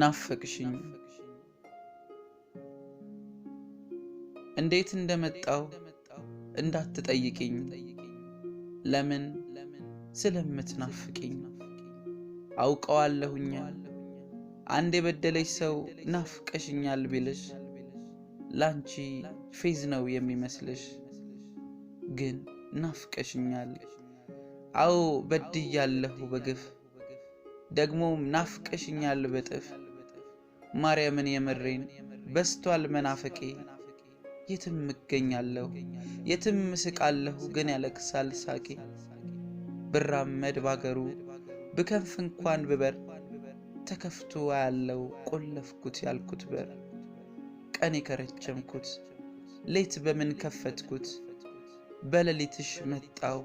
ናፈቅሽኝ እንዴት እንደመጣው እንዳትጠይቅኝ ለምን ስለምትናፍቅኝ አውቀዋለሁኛ አንድ የበደለች ሰው ናፍቀሽኛል ቢልሽ ላንቺ ፌዝ ነው የሚመስልሽ ግን ናፍቀሽኛል አዎ በድያለሁ በግፍ ደግሞም ናፍቀሽኛል በጥፍ ማርያምን የምሬን በስቷል መናፈቄ። የትም እገኛለሁ የትም እስቃለሁ ግን ያለቅሳል ሳቄ። ብራመድ ባገሩ ብከንፍ እንኳን ብበር ተከፍቶ ያለው ቆለፍኩት ያልኩት በር ቀን የከረቸምኩት ሌት በምን ከፈትኩት በሌሊትሽ መጣው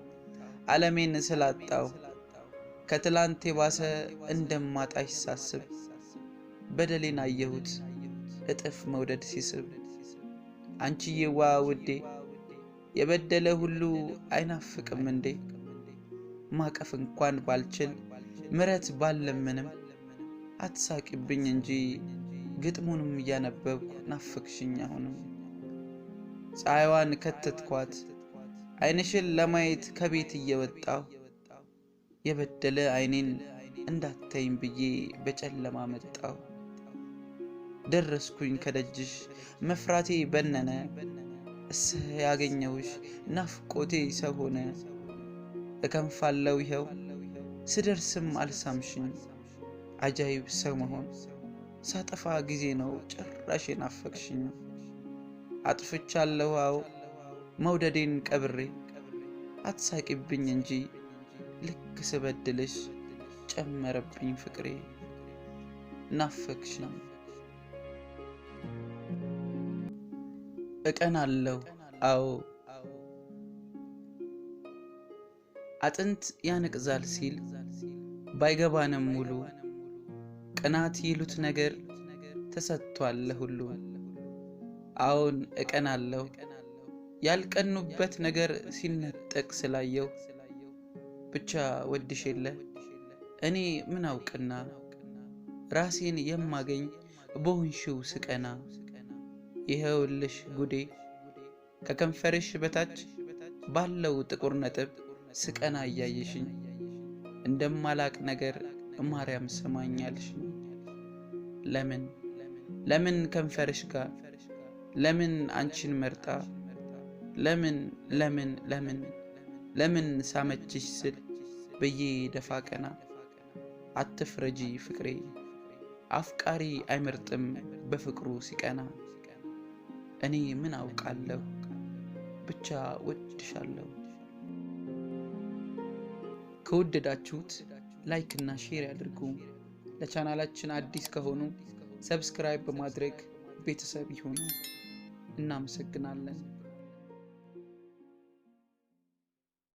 ዓለሜን ስላጣው ከትላንት የባሰ እንደማጣሽ ሳስብ በደሌን አየሁት እጥፍ መውደድ ሲስብ አንቺዬዋ ውዴ የበደለ ሁሉ አይናፍቅም እንዴ? ማቀፍ እንኳን ባልችል ምረት ባለምንም አትሳቂብኝ እንጂ ግጥሙንም እያነበብኩ ናፍቅሽኝ አሁንም። ፀሐይዋን ከተትኳት አይንሽን ለማየት ከቤት እየወጣሁ የበደለ ዓይኔን እንዳታይም ብዬ በጨለማ መጣው። ደረስኩኝ ከደጅሽ መፍራቴ በነነ። እስህ ያገኘውሽ ናፍቆቴ ሰው ሆነ። እከንፋለው ይኸው ስደርስም አልሳምሽኝ። አጃይብ ሰው መሆን ሳጠፋ ጊዜ ነው ጭራሽ የናፈቅሽኝ። አጥፍቻለሁ አዎ መውደዴን ቀብሬ አትሳቂብኝ እንጂ ልክ ስበድልሽ ጨመረብኝ ፍቅሬ ናፈቅሽኝ። እቀን አለው አዎ አጥንት ያነቅዛል ሲል ባይገባንም ሙሉ ቅናት ይሉት ነገር ተሰጥቷል ሁሉ አዎን እቀን አለው ያልቀኑበት ነገር ሲነጠቅ ስላየው ብቻ ወድሽ የለ እኔ ምን አውቅና ራሴን የማገኝ በሆንሽው ስቀና። ይኸውልሽ ጉዴ ከከንፈርሽ በታች ባለው ጥቁር ነጥብ ስቀና እያየሽኝ እንደማላቅ ነገር ማርያም ሰማኛልሽ ለምን ለምን ከንፈርሽ ጋር ለምን አንቺን መርጣ ለምን ለምን ለምን ለምን ሳመችሽ ስል ብዬ ደፋ ቀና አትፍረጂ ፍቅሬ አፍቃሪ አይመርጥም በፍቅሩ ሲቀና እኔ ምን አውቃለሁ ብቻ ወድሻለሁ። ከወደዳችሁት ላይክና ሼር ያድርጉ። ለቻናላችን አዲስ ከሆኑ ሰብስክራይብ በማድረግ ቤተሰብ ይሆኑ። እናመሰግናለን።